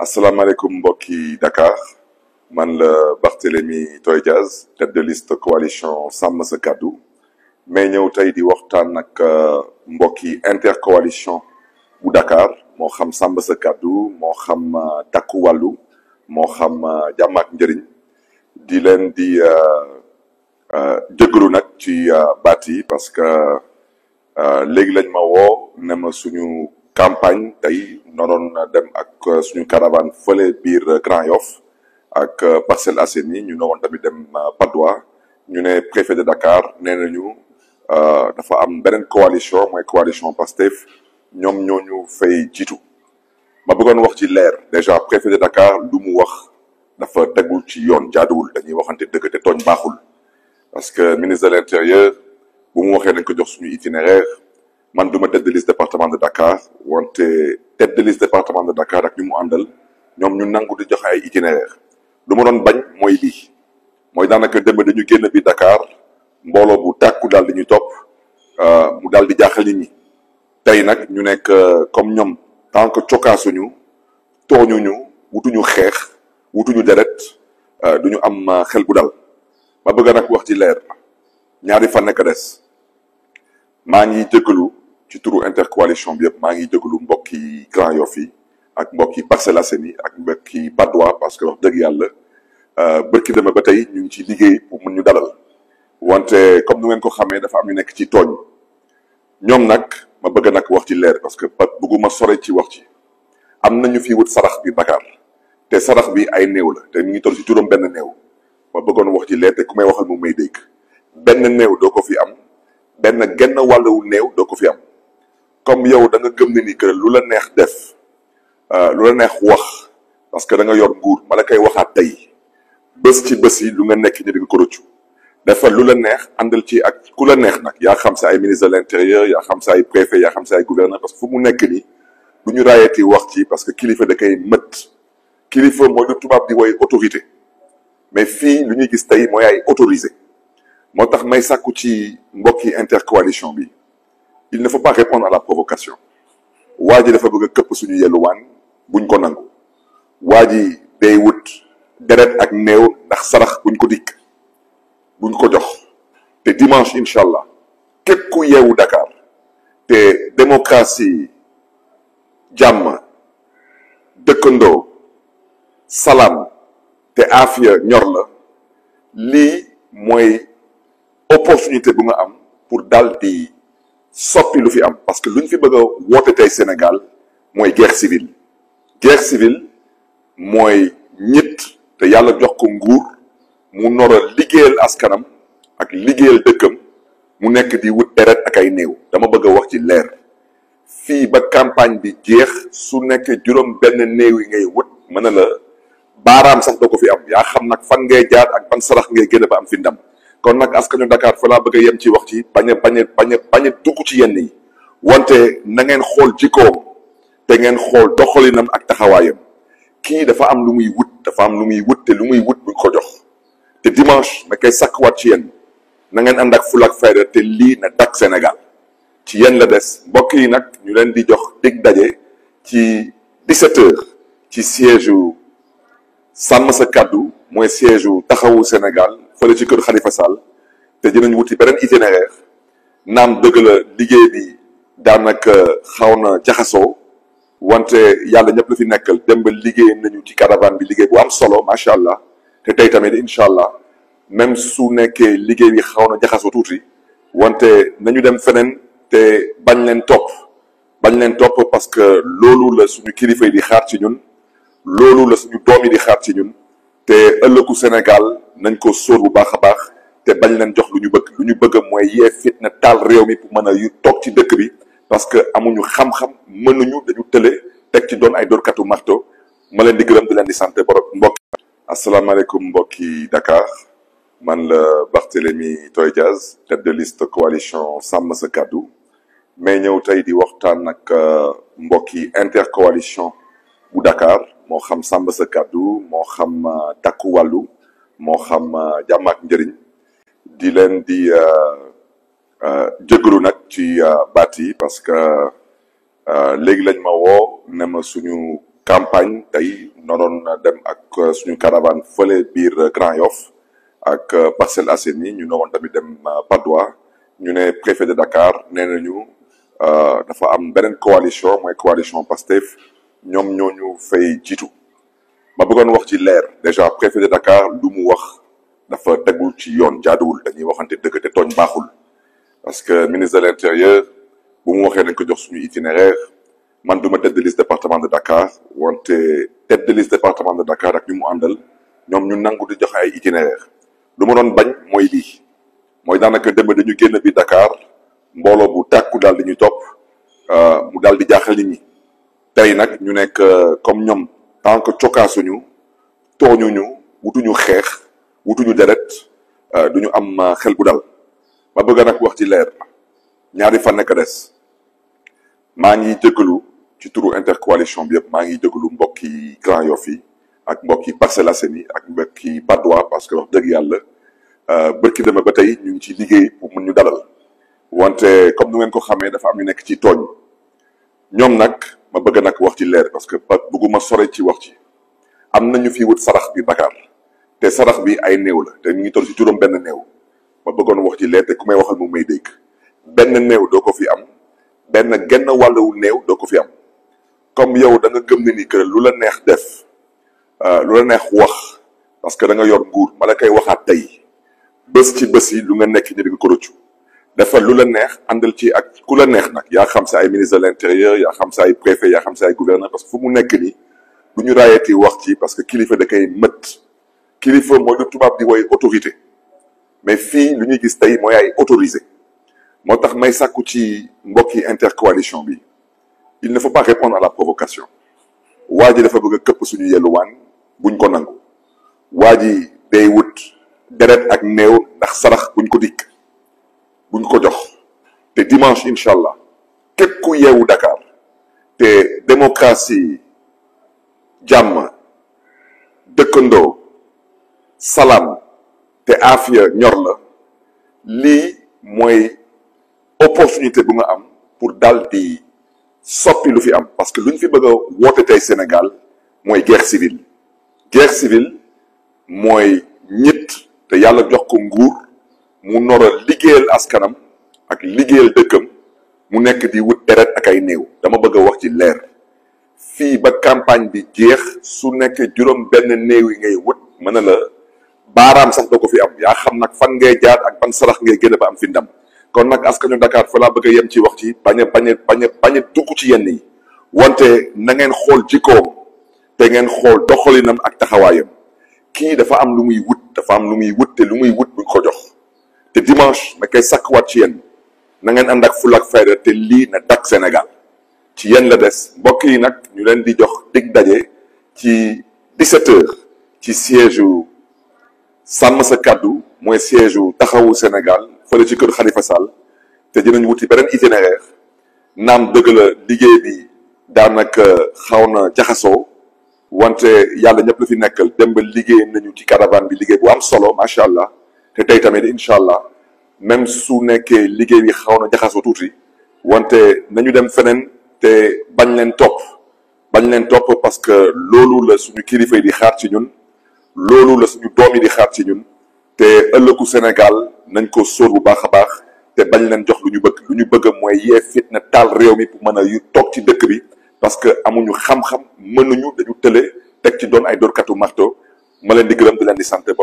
Assalamu alaikum Boki Dakar man la Barthélémy Toye tête de liste coalition Sàmm Sekadou. Kàddu mais ñëw tay di euh, intercoalition ou Dakar mo xam Sàmm Sa Kàddu moo xam euh, Takku Wàllu mo xam euh, di parce que léegi lañ ma wo ne ma campagne tey noroon dem ak euh, suñu caravane fële bir euh, Grand Yoff ak euh, Parcelles Assainies ñu nonon tamit dem Patte ñu né préfet de Dakar nee nañu dafa am benen coalition moy coalition Pastef ñom ñoo ñu fay jitu ma bëggoon wax ci leer déjà préfet de Dakar lu mu wax dafa tagul ci yoon jaaduwul dañuy waxante dëgg te tooñ baaxul parce que ministre de l'intérieur bu mu waxé dañ ko jox suñu itinéraire man duma ma tête de liste département de Dakar wante tête de liste département de Dakar ak ñu mu àndal ñoom ñu nangu di joxe ay itinéraire lu ma doon bañ mooy lii mooy daanaka demee dañu génn bi Dakar mbooloo bu tàkku daal di ñu topp euh, mu daal di jaaxal nit ñi tey nag ñu nekk euh, comme ñoom tant que cokkaasuñu tooñuñu wutuñu xeex wutuñu deret euh, duñu am xel bu dal ma bëgg nag wax ci leer ñaari fan nekk des maa ngi jëkkalu ci turu intercoalition bi yëpp maa ngi jégalu mbokk yi Grand Yoff yi ak mbokk yi Parcelles Assainies ak mbokk yi Patte d'Oie parce que wax dëgg yàlla euh, bërki deme ba tey ñu ngi ci liggéey pour mun ñu dalal wante comme nu ngeen ko xamee dafa am ñu nekk ci tooñ ñoom nag ma bëgg nag wax ci leer parce que bëgguma sore ci wax ci am na ñu fi wut sarax bi Dakar te sarax bi ay néew la te ñu ngi toll ci juróom benn néew ma bëggoon wax ci leer te ku may waxal moom may dégg benn néew ko fi am benn genn wàllu néew doo ko fi am comme yow da nga gëm ni que lu la neex def euh, lu la neex wax parce que da nga yor nguur mala kay waxat tay tey ci bés yi lu nga nekk ni di ko rëccu defal lu la neex andal ci ak ku la neex nak ya xam sa ay ministre de l'intérieur ya xam sa ay préfet ya xam sa ay gouverneur parce que fu mu nekk ni duñu ñu wax ci parce que kilifa da kay mët kilifa moy lu tubab di woy autorité mais fi lu ñuy gis tay moy ay autorisé motax may sàkku ci mbokki intercoalition bi il ne faut pas répondre à la provocation Waji ne dafa bëgg a këpp suñu yelluwaan buñ ko nangu des day deret ak te dimanche inshallah, allah képp Dakar te démocratie jam, salam. te nyorle, li opportunité am pour dalti soppi lu fi am parce que lu ñu fi bëgg a woote tey Sénégal mooy guerre civile guerre civile mooy ñit te yàlla jox ko nguur mu nor a liggéeyal askanam ak liggéeyal dëkkam mu nekk di wut deret ak ay néew dama bëgg a wax ci leer fii ba campagne bi jeex su nekk juróom benn néew yi ngay wut mën na la baaraam sax doo ko fi am yaa xam nag fan ngay jaar ak ban sarax ngay génn ba am fi ndam kon nag askanu Dakar fa laa bëgg a yem ci wax ci bañ a bañ a bañ dugg ci yenn yi wante na ngeen xool jikkoom te ngeen xool doxalinam ak taxawaayam kii dafa am lu muy wut dafa am lu muy wut te lu muy wut bu ko jox te dimanche na koy sàkkwaat ci yéen na ngeen ànd ak fulla ak fayda te lii na dak Sénégal ci yéen la des mbokk yi nag ñu leen di jox dig daje ci 17h ci siège u sàmm sa kàddu mooy siège u taxawu Sénégal fële ci kër xalifa Sall te dinañ wuti beneen itinéraire naam dëgg la liggéey bi daanaka xaw na jaxasoo wante yàlla ñëpp la fi nekkal dem ba liggéey nañu ci caravane bi liggéey bu am solo macha allah te tey tamit incha allah même su nekkee liggéey bi xaw na jaxasoo tuuti wante nañu dem feneen te bañ leen topp bañ leen topp parce que loolu la suñu kilifa yi di xaar ci ñun loolu la suñu doom yi di xaar ci ñun te ëllëgu Sénégal nañ ko sóor bu baax a baax te bañ leen jox lu ñu bëgg lu ñu bëgg mooy yee fitna taal réew mi pour mën a yu toog ci dëkk bi parce que amuñu xam-xam mënuñu dañu tële teg ci doon ay dóorkatu marto ma leen di gërëm di leen di sant borom mbokk asalaamaaleykum mbokki Dakar man la Barthélémy Toye Dias tête de liste coalition sàmm sa kàddu mais ñëw tey di waxtaan ak euh, mbokki intercoalition bu Dakar moo xam sàmm sa kàddu moo xam euh, takku wàllu moo xam euh, jàmm ak njëriñ di leen di euh, euh, jëgalu nag ci baat yi parce que léegi lañ ma woo ne ma suñu campagne tey noroon dem ak suñu caravane fële biir Grand Yoff ak Parcelles Assainies ñu ne tamit dem Patte ñu ne préfet de Dakar nee nañu dafa am beneen coalition mooy coalition Pastef ñoom ñu fay jiitu ma bëggoon wax ci leer déjà préfet de Dakar lu mu wax dafa tegul ci yoon jaaduwul dañuy waxante dëgg te tooñ baaxul parce que ministre de l'intérieur bu mu waxee dañ ko jox suñu itinéraire man duma tête de liste département de Dakar wante tête de liste département de Dakar ak ñu mu àndal ñoom ñu nangu di joxe ay itinéraire lu ma doon bañ mooy lii mooy daanaka demee dañu génn bi Dakar mbooloo bu tàkku daal di ñu topp euh, mu daal di jaaxal nit ñi tey nag ñu nekk euh, comme ñoom tant que cokkaasuñu tooñuñu wutuñu xeex wutuñu deret euh, duñu am euh, xel bu dal ma bëgg nag wax ci leer ñaari fan nekk des maa ngi jëgalu ci turu intercoalition bi yëpp maa ngi jëgalu mbokk yi Grand Yoff yi ak mbokk yi Parcelles Assainies ak mbokk yi Patte d'Oie parce que wax dëgg yàlla euh, bërki deme ba tey ñu ngi ci liggéey pour mun ñu dalal wante comme nu ngeen ko xamee dafa am ñu nekk ci tooñ ñoom nag ma bëgg nag wax ci leer parce que bëgguma sore ci wax ci am na ñu fi wut sarax bi Dakar te sarax bi ay néew la te ñu ngi toll ci juróom benn néew ma bëggoon wax ci leer te ku may waxal mu may dégg benn néew doo ko fi am benn genn wàlluwu néew doo ko fi am comme yow da nga gëm ne ni que lu la neex def euh, lu la neex wax parce que da nga yor nguur ma la koy waxaat tey bës ci bés yi lu nga nekk ni di nga ko defal lu la neex andal ci ak ku la neex nag yaa xam sa ay ministre de l'intérieur yaa xam sa ay préfet yaa xam sa ay gouverneur parce que fu mu nekk nii du ñu raayati wax ci parce que kilifa da koy mët kilifa mooy lu tubaab di woy autorité mais fii lu ñuy gis tey mooy ay autorisé moo tax may sàkku ci mbokki intercoalition bi il ne faut pas répondre à la provocation waa ji dafa bëgg a këpp suñu yelluwaan buñ ko nangu waa ji day wut deret ak néew ndax sarax buñ ko dikk buñ ko jox te dimanche inshallah, allah képp ku Dakar te démocratie jàmm dëkkandoo salam te afia ñor la lii mooy opportunité bu nga am pour dal di soppi lu fi am parce que luñ fi bëgg a woote Sénégal mooy guerre civile guerre civile mooy ñit te yàlla jox ko nguur mu nor liggéeyal askanam ak liggéeyal dëkkam mu nekk di wut deret ak ay néew dama bëgg a wax ci leer fii ba campagne bi jeex su nekk juróom benn néew yi ngay wut mën na la baaraam sax doo ko fi am yaa xam nag fan ngee jaar ak ban sarax ngee génn ba am fi ndam kon nag askanu Dakar fa laa bëgg a yem ci wax ci bañ a bañ a bañ ci yenn yi wante na ngeen xool jikkoom te ngeen xool doxalinam ak taxawaayam kii dafa am lu muy wut dafa am lu muy wut te lu muy wut te dimanche ma koy sàkkuwaat ci yéen na ngeen ànd ak fulla ak fayda te lii na dakk Sénégal ci yéen la des mbokk yi nag ñu leen di jox dig daje ci 17h ci siège u sàmm sa kàddu mooy siège wu taxawu Sénégal fële ci kër Khalifa Sall te dinañ wuti beneen itinéraire naam dëgg la liggéey bi daanaka xaw na jaxasoo wante yàlla ñëpp la fi nekkal dem ba liggéey nañu ci caravane bi liggéey bu am solo macha allah te tey tamit incha allah. même su nekkee liggéey bi xaw na jaxasoo tuuti wante nañu dem feneen te bañ leen topp bañ leen topp parce que loolu la suñu kilifa yi di xaar ci ñun loolu la suñu doom di xaar ci ñun te Sénégal nañ ko sóor bu baax a baax te bañ leen jox lu bëgg lu bëgg mooy yee fitna taal réew mi pour mën toog ci dëkk bi parce que amuñu xam-xam mënuñu dañu ci doon ay marto ma leen di di